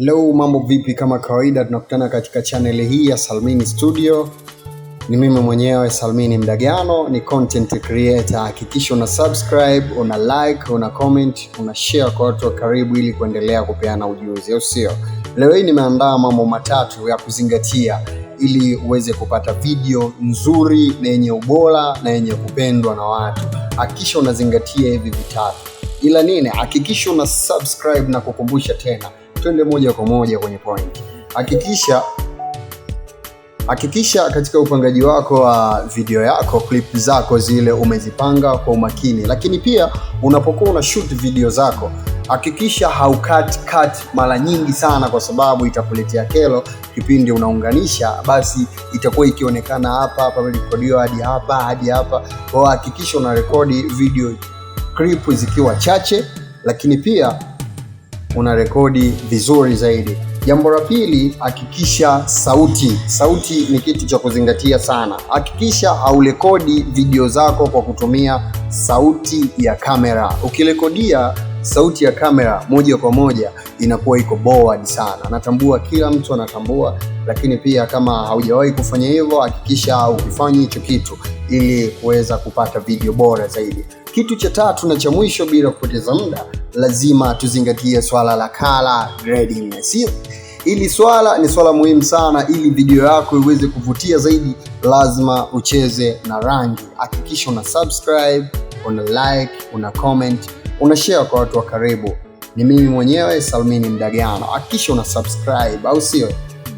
Leo mambo vipi? Kama kawaida tunakutana katika chaneli hii ya Salmini Studio. Ni mimi mwenyewe Salmini Mdagano, ni content creator. Hakikisha una subscribe, una like, una comment, una share kwa watu wa karibu, ili kuendelea kupeana ujuzi, au sio? Leo hii nimeandaa mambo matatu ya kuzingatia ili uweze kupata video nzuri na yenye ubora na yenye kupendwa na watu. Hakikisha unazingatia hivi vitatu, ila nini, hakikisha una subscribe na kukumbusha tena, twende moja kwa moja kwenye point. Hakikisha hakikisha katika upangaji wako wa video yako clip zako zile umezipanga kwa umakini, lakini pia unapokuwa una shoot video zako hakikisha haukati kati mara nyingi sana, kwa sababu itakuletea kero kipindi unaunganisha, basi itakuwa ikionekana hapa hapa imerekodiwa hadi hapa hadi hapa. Kwa hakikisha unarekodi video clip zikiwa chache, lakini pia unarekodi vizuri zaidi. Jambo la pili, hakikisha sauti. Sauti ni kitu cha kuzingatia sana. Hakikisha haurekodi video zako kwa kutumia sauti ya kamera. Ukirekodia sauti ya kamera moja kwa moja inakuwa iko board sana. Natambua kila mtu anatambua, lakini pia kama haujawahi kufanya hivyo, hakikisha ukifanya hicho kitu ili kuweza kupata video bora zaidi. Kitu cha tatu na cha mwisho, bila kupoteza muda, lazima tuzingatie swala la color grading. Sio hili swala ni swala muhimu sana. Ili video yako iweze kuvutia zaidi, lazima ucheze na rangi. Hakikisha una subscribe, una like, una comment unashare kwa watu wa karibu. Ni mimi mwenyewe Salmini Mdagiano, hakikisha una subscribe, au sio?